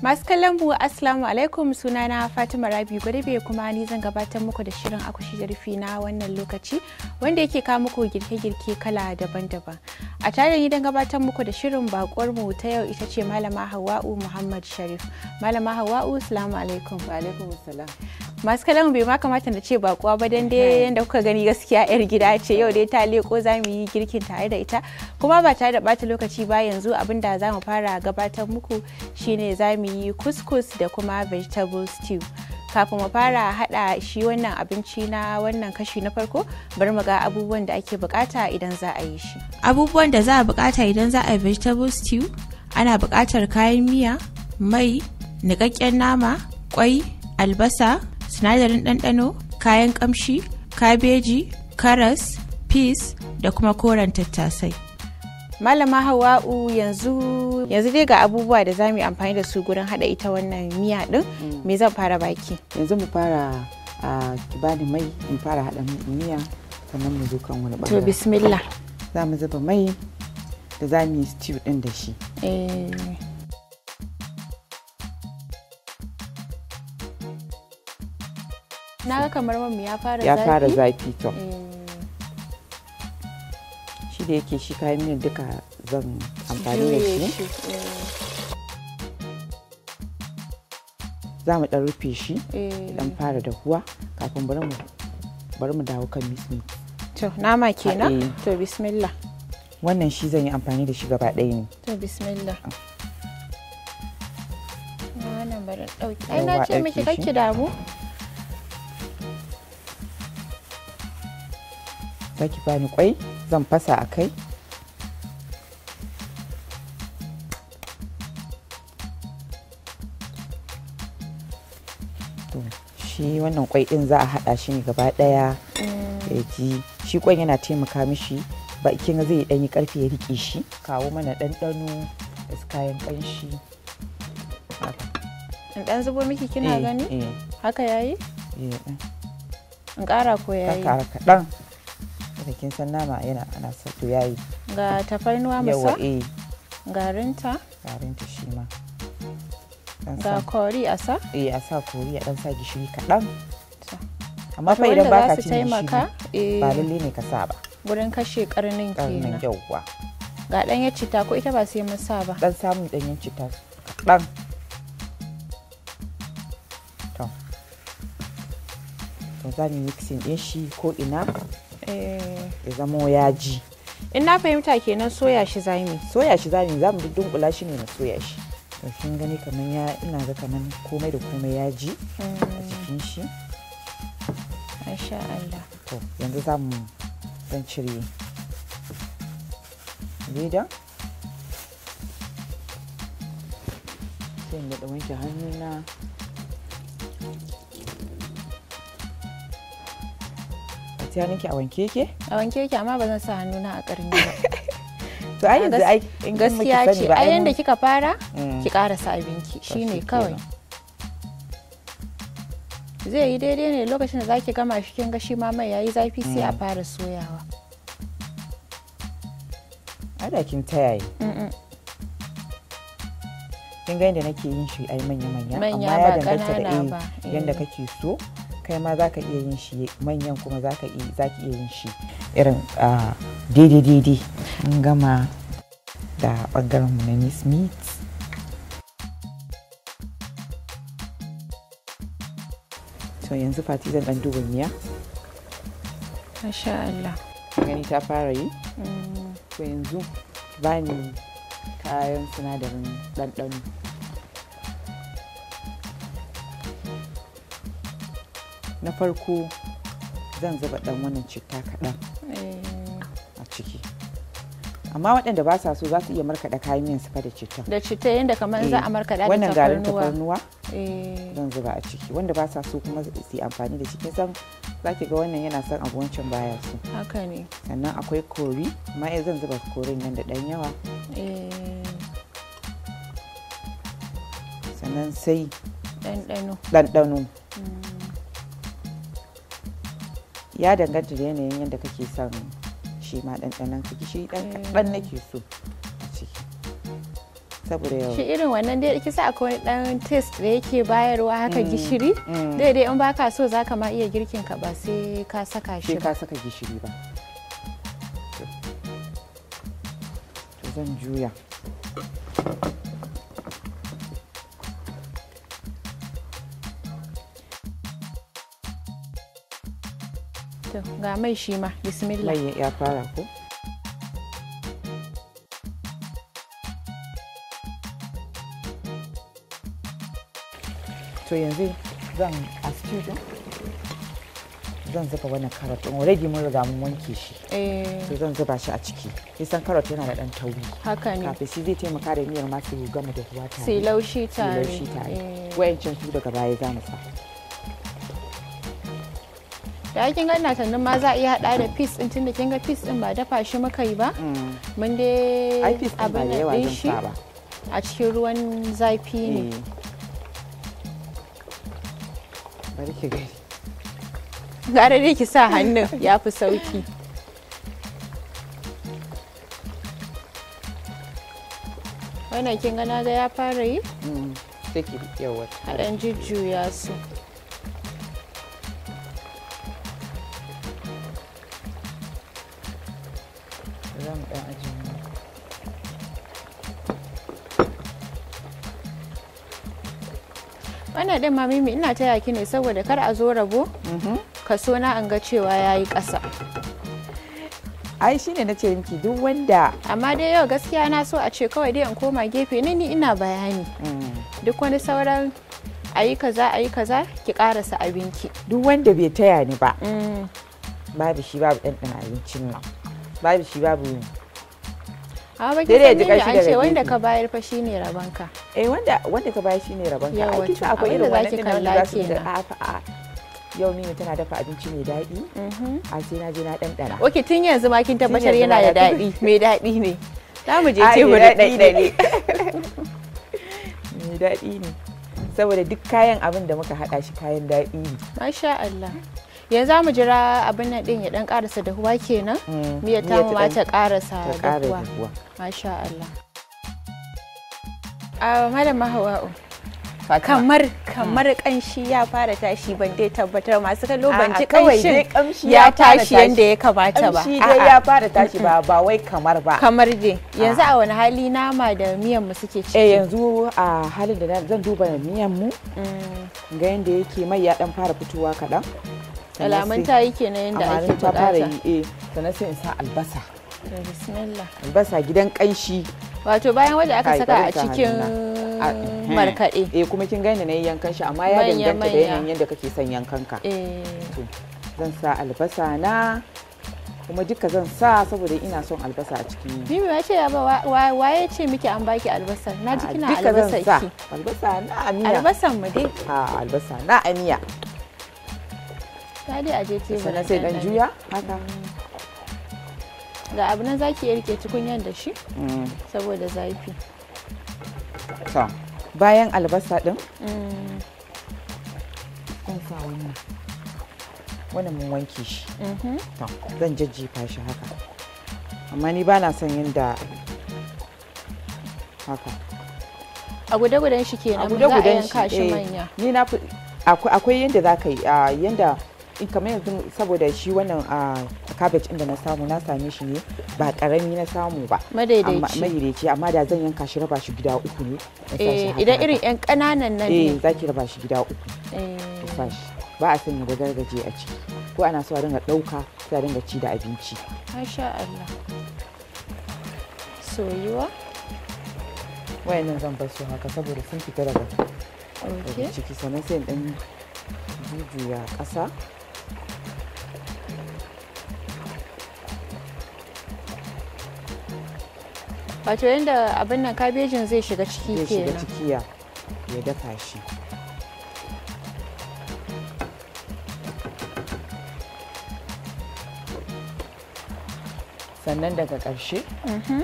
Masu kallon mu Assalamu alaikum sunana Fatima Rabi Gwadabe kuma ni zan gabatar muku da shirin akushi jirfi na wannan lokaci wanda yake kawo muku girke-girke kala daban-daban. A tare ni dan gabatar muku da shirin bakuwar mu ta yau ita ce Malama Hawa'u Muhammad Sharif. Malama Hawa'u Assalamu alaikum. Wa alaikum assalam. masu kalan bai ma kamata na ce bakuwa ba dan dai mhm. yanda kuka gani gaskiya yar gida ce yau dai ta leko za mu yi girkin tare da ita kuma ba tare da bata lokaci ba yanzu abin da za mu fara gabatar muku shine za mu yi couscous da kuma vegetable stew kafin mu fara hada shi wannan abinci na wannan kashi na farko bar mu ga abubuwan da ake bukata idan za a yi shi abubuwan da za a bukata idan za a yi vegetable stew ana bukatar kayan miya mai nikakken nama kwai albasa sinadarin ɗanɗano kayan ƙamshi kabeji karas peas da kuma koren tattasai malama hawa'u yanzu yanzu dai ga abubuwa da za mu yi amfani da su gurin haɗa ita wannan miya din mm. me zan fara baki yanzu mu fara a da mai in fara hada miya sannan mu zo kan wani bangare to bismillah za mu zuba mai da za mu yi stew ɗin da shi eh. na ga kamar mamu ya fara zafi ya fara zafi to eh. shi da yake shi kayan miyan duka zan amfani da shi eh. za mu dan rufe shi dan eh. fara dahuwa kafin bari mu bari mu dawo kan mismi to nama kenan to bismillah wannan shi zan yi amfani da shi gaba ɗaya ne to bismillah ah. ai na ce miki kake damu taki ki bani kwai zan fasa a kai shi wannan kwai din za a hada shi ne gaba daya mm. ya ji shi kwai yana taimaka mishi bakin zai danyi karfi ya rike shi kawo mana ɗanɗano da kayan kanshi in dan zubo miki kina eh, gani eh. haka yayi eh, in ƙara ko yayi ka kara kaɗan da kin san nama yana ana sa to yayi ga tafarnuwa musa eh. garinta garinta shi ma ga kori a sa eh a sa kori a dan sa gishiri kaɗan amma fa idan baka cin shi ba eh. lalle ne ka sa ba gurin kashe karnin kenan karnin yawa ga ɗanyen ta ko ita ba sai mun sa ba dan samun ɗanyen ta kaɗan to to zan mixin din shi ko ina Eh. ya zamo ya ji in na fahimta kenan soya shi zami soya shi zami za mu dunkula shi ne na soya shi to kin gani kamar ya ina ga kamar komai da komai ya ji a cikin hmm. shi masha Allah to yanzu za mu dan cire leda sai da wanke hannuna ta yaninki a wanke yake? A wanke yake amma ba zan sa hannuna a ƙarni ba. To ai yanzu ai in gaskiya ce ai yanda kika fara mm. ki karasa abinki shine kawai. Zai yi daidai ne lokacin da zaki gama shi kin ga shi ma mai yayi zafi sai a mm. fara soyawa. Ada kin ta yi. Kin ga yadda nake yin shi ai manya-manya amma ya danganta da eh, yadda eh. kake so. kai ma za ka iya yin shi manyan kuma za ka iya yin shi irin daidai daidai an gama da ɓangaren mu na miss meat to yanzu fati zan dan duba miya masha Allah gani ta fara yi mm. to yanzu bani kayan sinadarin ɗanɗano na farko zan zuba dan wannan citta kaɗan a ciki amma waɗanda ba sa so za su iya markaɗa kayan miyan su fa da citta da citta yadda kamar za a eh, markaɗa da wannan garin tafarnuwa eh. zan zuba a ciki wanda ba sa so kuma su yi amfani da cikin san za ga wannan yana son abuwancin baya su. haka ne sannan akwai kori amma eh zan zuba korin nan da ɗan yawa sannan sai ɗanɗano ɗanɗano ya danganta da yanayin yadda kake son shi ma ɗanɗanon ka gishiri ɗan mm. kaɗan nake so a ciki saboda yawa shi irin wannan dai kisa akwai ɗan test da yake bayarwa haka mm, gishiri daidai mm. in baka so zaka ma iya girkin ka ba sai ka saka shi ka saka gishiri ba to zan juya To ga mai shi ma bismillah. Mai ya fara ko? To yanzu zan a stew zan zuba wani carrot din already mun riga mun wanke shi eh. to zan zuba shi a ciki kisan carrot yana da ɗan tauri haka ne kafin shi zai taimaka da miyar masu gama da ruwa tare sai laushi tare sai laushi tare eh. wayancin su daga baya za mu sa da kin ga ina tannin ma za a iya hada da piece din tunda kin ga piece din ba dafa shi muka yi ba mm. mun dai abin da din shi a cikin ruwan zafi ne mm. bari ki gani gara dai ki sa hannun ya fi sauki wannan kin ga na ga ya fara yi take mm. yawa a dan jujjuya su wannan din ma mimi ina taya ki ne saboda kar a zo rabo mhm. kaso na an ga cewa yayi ƙasa ai shi ne na ce miki duk wanda amma dai yau gaskiya na so a ce kawai dai in koma gefe ne ni ina bayani mm. duk wani sauran a yi kaza a yi kaza ki karasa abinki duk wanda bai taya ni ba mm. babu shi babu ɗanɗan abincin nan babu shi babu yi a ba ki ne an ce wanda ka bayar fa ne rabanka eh wanda wanda ka bashi ne rabon ka ai kisa akwai irin wani din da za su da afa a yau mimi tana dafa abinci mai daɗi mm-hmm. a sai na je na ɗanɗana Okay, tun yanzu ma kin tabbatar yana da daɗi mai daɗi ne za mu je da ne mai daɗi ne saboda duk kayan abin da muka haɗa shi kayan daɗi ne masha Allah yanzu za mu jira abin nan din ya dan karasa dahuwa kenan mm, miyar ta ma ta karasa dahuwa masha Allah malama hawa'u kamar hmm. kamar kanshi ya fara tashi ban dai tabbatar masu kallo ban ji kanshin ya tashi yadda ya kamata ba kamshi dai ya fara tashi ba ba wai kamar ba kamar dai yanzu a wani hali nama da miyan mu suke ciki eh yanzu a halin da zan duba miyan mu hmm. ga yanda yake mai ya dan fara fitowa kaɗan alamun ta yake na yanda ake bukata ta fara yi eh sannan sai in sa albasa albasa gidan kanshi wato bayan wanda aka saka a cikin eh, markaɗe eh kuma kin gani na yankan shi amma ya danganta da yanayin yadda kake son yankan ka eh. zan sa albasa na kuma duka zan sa saboda ina son albasa a ciki bibi ma ce ya ba waye ce miki an baki albasa na ji kina albasa ki albasa na amiya albasan mu dai ha albasa na amiya ta dai aje ce sannan sai dan juya haka ga abu nan zaki iya rike tukunyan da shi mm. saboda zafi to bayan albasa din mm. zan sa wannan wannan mun wanke shi mm-hmm. to zan jajjefa shi haka amma ni ba na son da haka a guda-gudan shi kenan za a yanka shi eh. manya ni na akwai yadda za ka yi ah, yadda in kamar yanzu saboda shi wannan cabbage inda na samu na same shi ne ba karami na samu ba madaidaici amma da zan yanka shi raba shi gida uku ne eh, idan irin yan kananan nan ne eh za ki raba shi gida uku eh ba a sanya da gargaje a ciki ko ana so a dinga dauka sai a dinga ci da abinci masha Allah soyuwa nan zan bar su haka saboda sun fita daga ciki sannan sai in dan juya kasa wato yadda abin nan kabejin zai shiga ciki ke zai shiga ciki ya dafa shi sannan daga ƙarshe mm-hmm.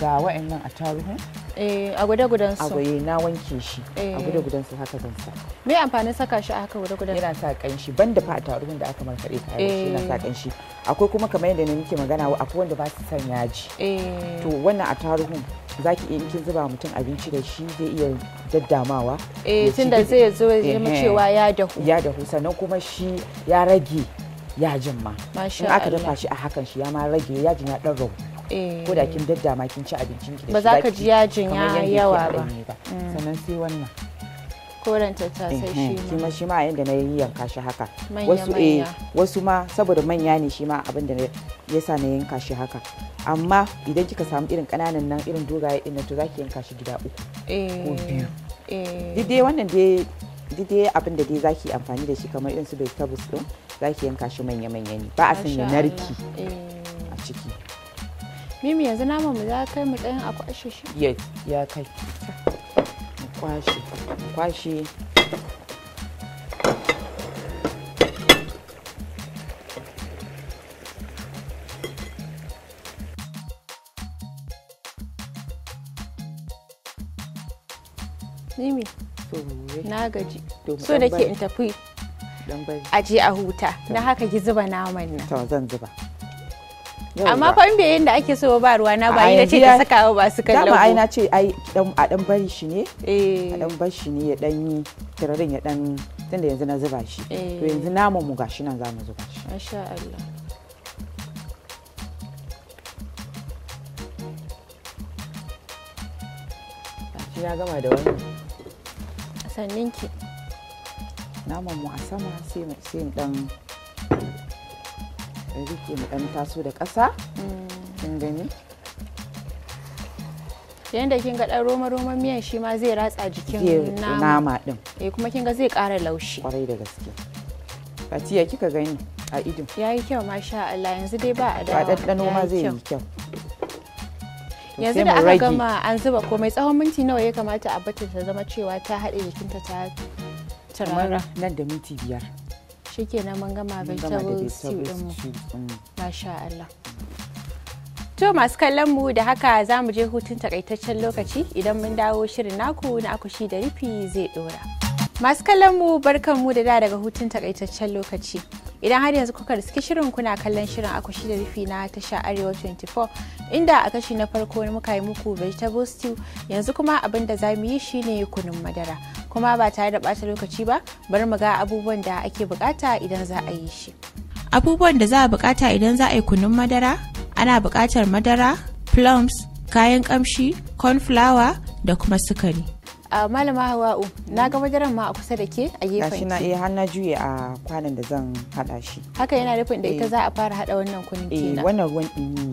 ga wa'in nan a taruhun eh, a guda-gudan su agwaye na wanke shi a eh. guda-gudan su haka zan sa me amfanin saka shi a haka guda-gudan yana sa ƙanshi banda fa a taruhun da aka markaɗe kayan shi yana sa eh. ƙanshi akwai kuma kamar yadda muke magana akwai wanda ba su son yaji eh. to wannan a tarihin za ki iya kin zuba mutum abinci da shi zai iya daddamawa eh da zai zo ya cewa ya dahu ya dahu sannan kuma shi ya rage yajin ma in aka dafa shi a hakan shi ya ma rage yajin ya dan rabu eh. ko da kin daddama kin ci abincin ki da shi ba za ka ji yajin ya yawa ba mm. sannan sai wannan koren sai shi ma kuma shi ma yanda na yanka shi haka wasu eh wasu ma saboda manya ne shi ma abin da yasa na yanka shi haka amma idan kika samu irin kananan nan irin dogaye din nan to zaki yanka shi gida uku ko eh, biyu eh. duk dai wannan dai duk dai abin da dai zaki amfani da shi kamar irin su vegetables din zaki yanka shi manya-manya ne ba a san ya narki eh. a ciki mimi yanzu naman mu za kai mu dan akwai shi yes ya kai kwashe kwashe Nimi, na gaji. So da ke in tafi aje a huta, na haka ki zuba naman nan. To zan zuba. amma fa in bai yin da ake so ba ruwa na ba yi da ce ta saka ba su kallo dama ai na ce ai dan a dan bari shi ne eh a dan bar shi ne ya dan yi tirarin ya dan tunda yanzu na zuba shi to eh. yanzu namu mu gashi nan zamu zuba shi masha Allah ya gama da wannan sanninki naman mu a sama sai mu dan rike mu dan taso da kasa kin gani yayin da kin ga dan roma roman miyan shi ma zai ratsa jikin nama din eh kuma kin ga zai kara laushi kwarai da gaske Fatiya kika gani a idon yayi kyau masha Allah yanzu dai ba a da ba ɗanɗano ma zai yi kyau yanzu da aka gama an zuba komai tsawon minti nawa ya kamata a bata ta zama cewa ta haɗe jikinta ta turara nan da minti biyar shikenan mun gama vegetable stew din masha Allah to masu kallon mu da haka za mu je hutun takaitaccen lokaci idan mun dawo shirin naku na akushi da rufi zai dora masu kallon mu barkan mu da da daga hutun takaitaccen lokaci idan har yanzu kuka riski shirin kuna kallon shirin akushi da rufi na tasha arewa 24 inda a kashi na farko muka yi muku vegetable stew yanzu kuma abin da za mu yi shine kunun madara kuma ba tare da bata lokaci ba bari mu ga abubuwan da ake bukata idan za a yi shi abubuwan da za a bukata idan za a yi kunun madara ana bukatar madara plums kayan kamshi corn flour da kuma sukari malama hawa'u na ga madaran ma a kusa da ke a gefen ki. na eh, iya har na juye a kwanan da zan hada shi. Haka yana nufin da ita eh. za a fara hada wannan kunin eh, kenan. Eh wannan ruwan ɗumi ne.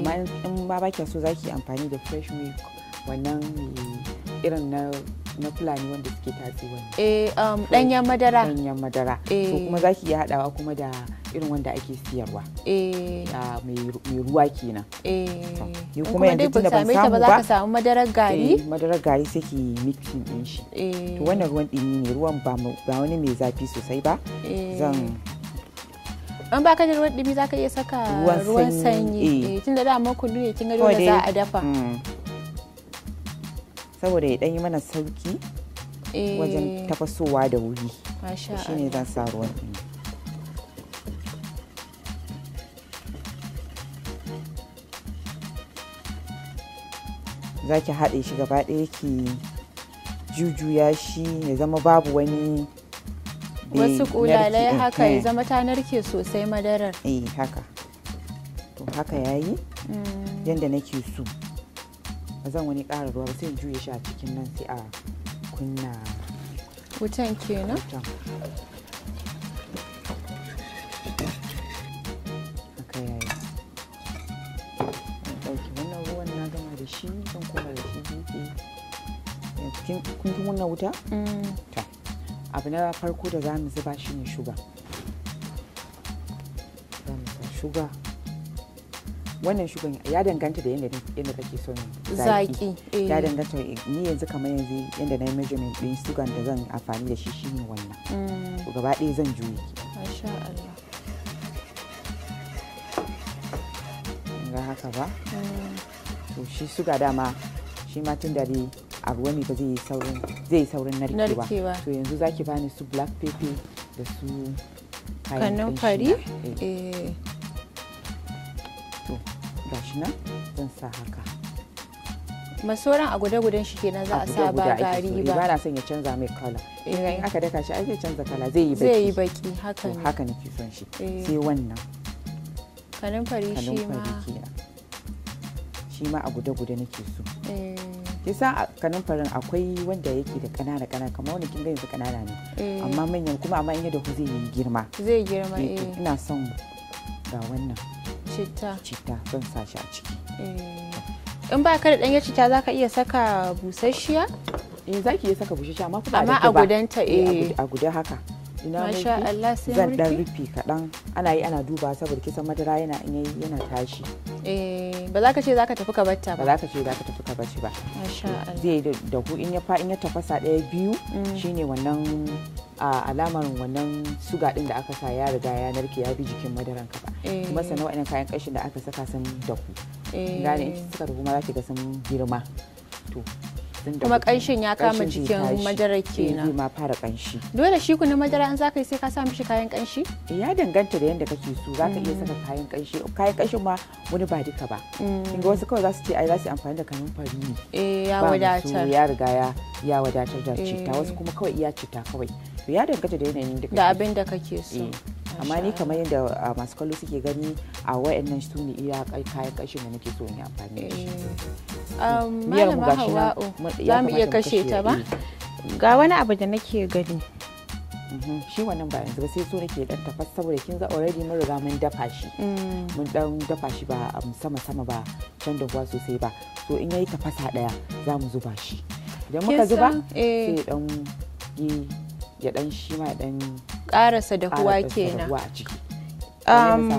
Amma in ba ba so zaki amfani da fresh milk wannan irin na na fulani wanda suke tasi wani eh um, danyen eh, madara danyen madara eh. so kuma zaki iya hadawa kuma da irin wanda ake siyarwa eh uh, mai ruwa kenan eh ni kuma yanzu da ban samu ba za ka samu madarar gari eh madarar gari sai ki mixing din shi eh to wannan ruwan dimi ne ruwan ba wani mai zafi sosai ba eh. zan an baka da ruwan dimi zaka iya saka ruwan sanyi eh, eh tunda da amma kullu ne kin ga da za a dafa mm. saboda ya ɗanyi mana sauki eh. wajen tafasowa da wuri shi ne zan sa ruwan za ki haɗe shi gaba ɗaya ki jujuya shi ya zama babu wani wasu ƙulalai haka ya eh. zama ta narke sosai madarar eh haka to haka yayi mm. yadda nake so zan wani ƙara ruwa sai in juye shi a cikin nan sai a kunna wutan kenan haka wannan ruwan na kun wannan wuta? Mm. abu na farko da za mu zuba shi ne shuga za mu sa shuga wannan shugan ya danganta da yadda kake son zaki eh. ya danganta ni yanzu kamar yanzu yadda na yi measurement ɗin sugan da zan amfani da shi shine wannan mm. gaba ɗaya zan juyi ki ga haka ba mm. to shi suga dama shi ma tun da abu wani ba zai saurin zai saurin narkewa to yanzu zaki bani su black pepper da su kanumfari eh, eh. gashi nan zan sa haka masoran sauran a gude gudan shi kenan za a sa ba gari ba eh, ba na son ya canza mai kala eh, in aka daka shi ake canza kala zai yi baki zai yi baki haka ne haka ne son shi eh. sai wannan kanin fari shi ma shi ma a gude-gude nake so yasa a kanin farin akwai wanda yake da kanana kanana kamar wani kin yanzu kanana ne amma manyan kuma amma in yadda ku zai yi girma zai girma eh ina son ga wannan citta citta zan sa shi a ciki eh, in ba ka da ɗanyar citta za ka iya saka busasshiya in eh, za ki iya saka busasshiya amma kuma amma a ta eh, eh. a guda haka ina Masha Allah sai zan dan rufe kaɗan ana yi ana duba saboda kisan madara yana yana tashi eh ba za ka ce za ka tafi ka batta ba ba za ka ce za ka tafi ka bashi ba Masha Allah zai da ku in ya fa in ya tafasa ɗaya biyu mm. shine wannan A alamar wannan suga din da aka sa ya riga ya narke ya bi jikin madaran ka ba eh. kuma sannan waɗannan kayan kashin da aka saka sun daku eh. gane in suka daku kuma za ki ga sun girma to kuma kanshin ya kama jikin madarar kenan ma fara kanshi dole shi kunin madara an zaka yi sai ka sa mishi kayan kanshi ya danganta da yanda kake so zaka iya saka mm. kayan kanshi kayan kanshin ma wani ba duka ba mm. kinga wasu kawai za su ce ai za su amfani da kanin fari ne eh ya wadatar ya riga ya ya wadatar da cita wasu eh. kuma kawai iya cita kawai to ya danganta da yanayin da da abin da kake so eh. amma ni kamar yadda ah, masu kallo suke gani a wayannan su ne iya kayan kashin da nake so in yi amfani da shi eh. malama hawa'u za mu iya kashe ta ba eh. ga wani abu da nake gani mm-hmm. shi wannan ba yanzu sai so nake dan tafas saboda kin za already mun riga mun dafa shi mm. mun dan dafa shi ba sama sama ba can da sosai ba so in yayi tafasa daya za mu zuba shi idan muka zuba eh. sai dan ya dan shi ma dan karasa da huwa kenan a ciki Um,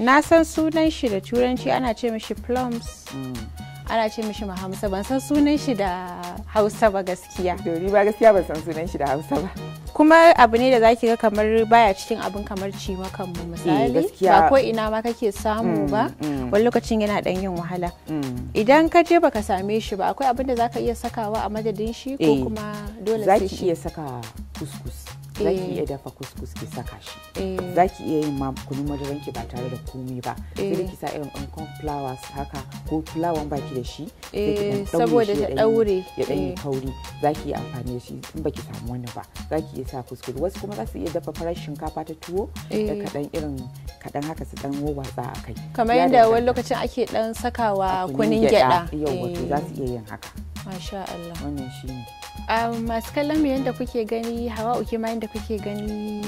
na san sunan shi da turanci ana ce mishi plums mm. ana ce mishi mahamsa ban san sunan shi da hausa ba gaskiya dori ba gaskiya ban san sunan shi da hausa ba kuma abu ne da zaki ga kamar baya cikin abin kamar cimakan mu eh, misali ba ko ina ma kake samu mm, ba mm. wani lokacin yana dan yin wahala idan ka je baka same shi ba akwai abin da zaka iya sakawa a madadin shi ko eh, kuma dole sai shi zaki iya saka kuskus zaki eh. iya dafa kuskus ki saka shi eh. zaki iya yin ma kunun madaran ki ba tare da komai ba sai eh. ki sa irin ankon flowers haka ko fulawan baki da shi saboda ta daure ya dan yi kauri za ki iya amfani da shi in baki samu wani ba za ki iya sa kuskus wasu kuma za su iya dafa farar shinkafa ta tuwo da kadan irin kadan haka su dan wawatsa a kai kamar yadda wani lokacin ake dan sakawa kunin gyada yau wato za su iya yin haka Masha Allah. Wannan shi ne. Masu kallon mu yadda kuke gani hawa uke ma yadda kuke gani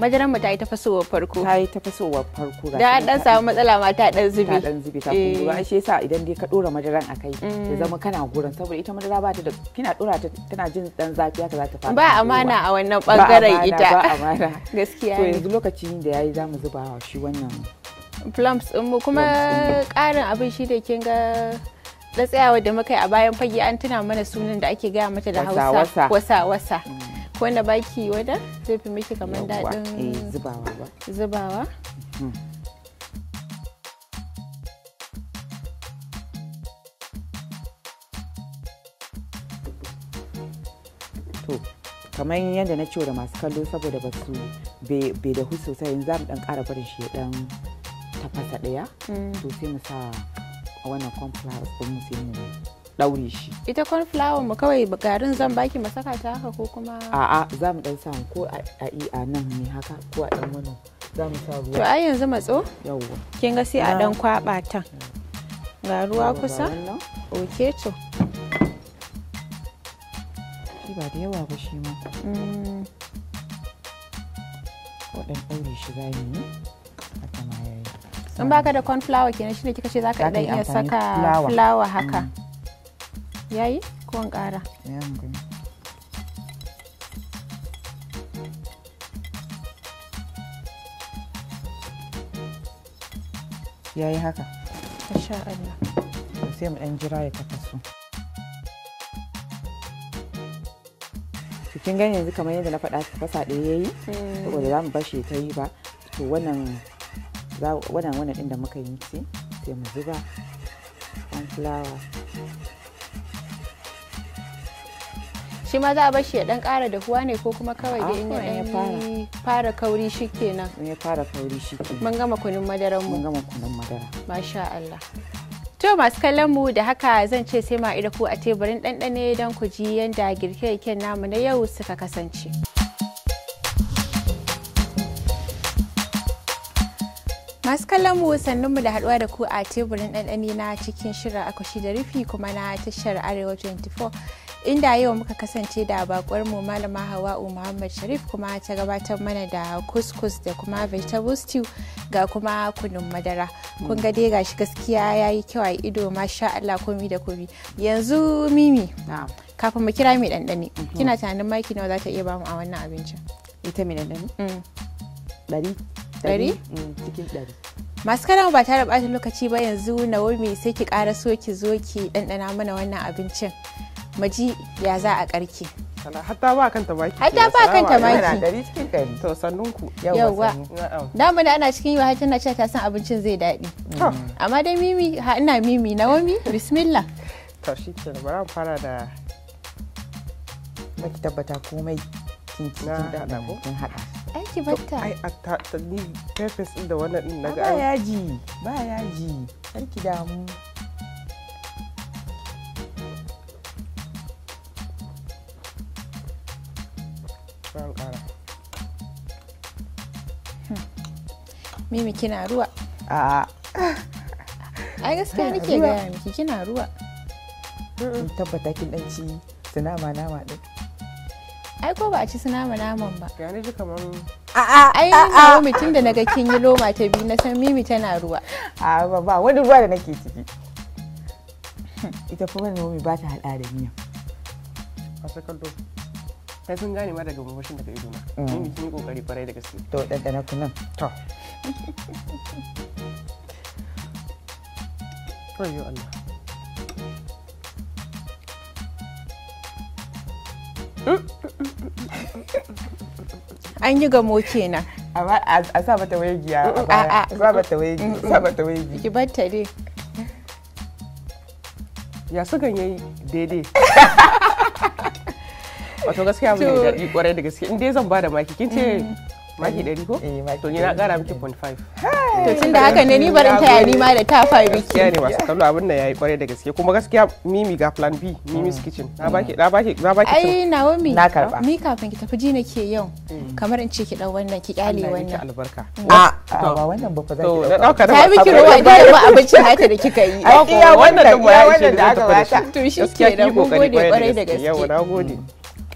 madaran mu ta yi tafasowa farko ta yi tafasowa farko da an dan samu matsala ma ta dan zubi ta dan zubi ta kuma eh. shi yasa idan dai ka dora madaran akai ya mm. zama kana gurin saboda ita madara ba ta da kina dora ta tana jin dan zafi haka za ta fara ba amana a wannan bangaren ita ba amana gaskiya to yanzu lokacin da yayi zamu zuba shi wannan plums mu kuma karin abin shi da kin ga na tsayawa da muka a bayan fage an tuna mana sunan da ake gaya mata da hausa wasa wasa mm. wanda baki wada zai fi miki kamar daɗin eh, zubawa mhm. kamar yadda na ciwo da masu kallo saboda ba su bai da hu sosai yanzu za mu dan kara barin shi ya dan tafasa daya mm. to sai mu sa a wannan cornflower ko mu sai mu daure shi ita cornflower mu kawai garin zan baki mu saka ta haka ko kuma a'a za mu dan samu ko a yi a nan ne haka ko a dan wannan za mu sa ruwa to ai yanzu matso yawwa kin ga sai a dan kwaba ta ga ruwa kusa oke to shi ba da yawa ba shi ma ko mm. dan daure shi za mu in baka da corn flour kenan shine kika ce zaka dan iya saka flour haka mm. yayi ko in kara yayi haka insha Allah sai mu dan jira ya tafasu kin gani yanzu kamar yadda na faɗa fasa ɗaya yayi mm. saboda za mu bashi ta yi ba to wannan wannan wannan da muka yi ce sai mu zuba sunflower shi ma za a bashi ya dan kara dahuwa ne ko kuma kawai da in ya dan fara kauri shi kenan ya fara kauri shi mun gama kunun madara mun gama kunun madara masha Allah To masu kallon mu da haka zan ce sai ma ku a teburin ɗanɗane don ku ji yanda girke-girken namu na yau suka kasance. masu kallon mu sannunmu da haduwa da ku a teburin ɗanɗani na cikin shirin akwashi da rufi kuma na tashar arewa 24 inda yau muka kasance da bakwar mu malama hawa muhammad sharif kuma ta gabatar mana da couscous da kuma vegetable stew ga kuma kunun madara kun ga dai gashi gaskiya ya yi kyau a ido masha allah komi da komi yanzu mimi kafin mu kira mai ɗanɗani mhm. kina tunanin maki nawa za ta iya bamu a wannan abincin ita mai ɗanɗani mm. ɗari ɗari? Mm, cikin ɗari masu karamu ba tare ɓata lokaci ba yanzu na wumi sai ki ƙara so ki zo ki ɗanɗana mana wannan abincin maji ya za a ƙarki hatta ba kan baki hatta ba kan tabaki dari cikin dari to sannun ku yawa da mun ana cikin yi yawa tana cewa ta san abincin zai daɗi mm. amma dai mimi ha ina mimi na wumi bismillah to shi ke da bara fara da baki tabbata komai kin kin da ko kin hada aiki ki batta ai a ta ta ni pepes din da wannan din naga ba yaji ba yaji sarki da mu ran kara hmm. mimi kina ruwa a ai gaskiya nake ga miki kina ruwa tabbata kin dan ci sinama nama din ai ko ba a ci su nama naman ba ya ji kamar a'a ai na mutum da naga kin yi loma ta biyu na san mimi tana ruwa a ba ba wani ruwa da nake ciki ita kuma nomi ba ta hada da miya a to ta sun gane ma daga murmushin daga ido na mm. mimi sun yi kokari farai da gaske to ɗanɗana kunan to Oh, Allah an yi gamo kenan amma a sa mata wegi a baya sa mata wegi sa mata wegi ki batta dai ya su yayi daidai wato gaskiya mun da daɗi kwarai da gaske in dai zan da maki kin ce mm. maki 100 ko eh, to ni na ƙara miki 0.5 to tun da haka ne ni barin taya ni ma da ta fa biki gaskiya ne masu kallo abin da yayi kwarai da gaske kuma gaskiya mimi ga plan B mimi's mm. kitchen na baki na baki na baki ai Naomi na karba mi kafin ki tafi ji nake yau mm. kamar in ce ki dau wannan ki kyale wannan albarka mm. a ba wannan ba fa za ki da dauka ta miki ruwa da ba abincin haka da kika yi ai ya wannan da wannan da aka bata to shi ke da mun gode kware da gaske yau na gode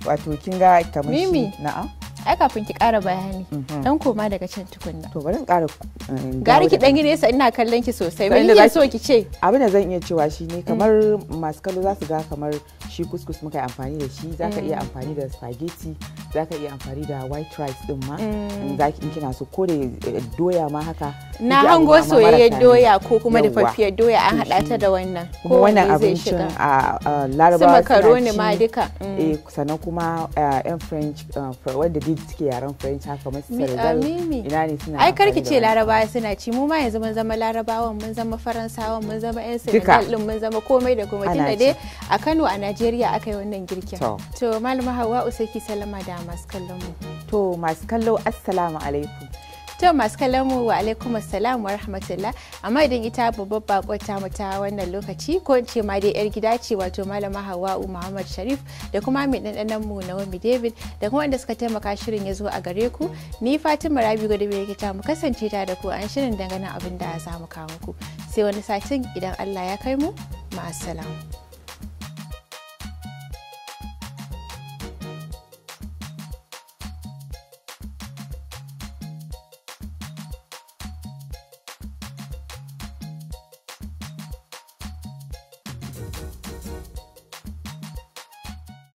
wato kin ga kamar shi na'am ai kafin ki ƙara bayani dan mhm. koma daga can tukunna to bari in ƙara eh, gari ki dan nesa ina kallon ki sosai wani ya so ki ce abin da zan iya cewa shi ne mm. kamar masu kallo za su ga kamar shi kuskus muka yi amfani da shi za ka iya mm. amfani da spaghetti za ka iya amfani da white rice din ma mm. za ki in kina so ko da eh, doya ma haka na hango soyayyen doya ko kuma fafiyar doya an haɗa ta da wannan ko wannan abincin a larabawa su makaroni ma duka eh sannan kuma eh, yan french wanda suke yaren french haka masu senegal ina ne suna ai karki ce larabawa suna ci mu ma yanzu mun zama larabawan mun zama faransawan mun zama yan senegal din mun zama komai da komai tunda dai a kano a nigeria aka wannan girki. to malama hawa usaki salama da masu kallon mu to masu kallo assalamu alaikum To masu kalamu wa alaikum assalam wa rahmatullah. Amma idan ita babbar bakon ta mu ta wannan lokaci ko in ce ma dai yar gida ce wato malama Hawwa'u Muhammad Sharif da kuma mai ɗanɗanan mu Naomi David da kuma wanda suka taimaka shirin ya zo a gare ku. Ni Fatima Rabi Gwadabe yake ta mu kasance ta da ku an shirin dangane abin da za mu kawo ku Sai wani satin idan Allah ya kai mu ma'assalam.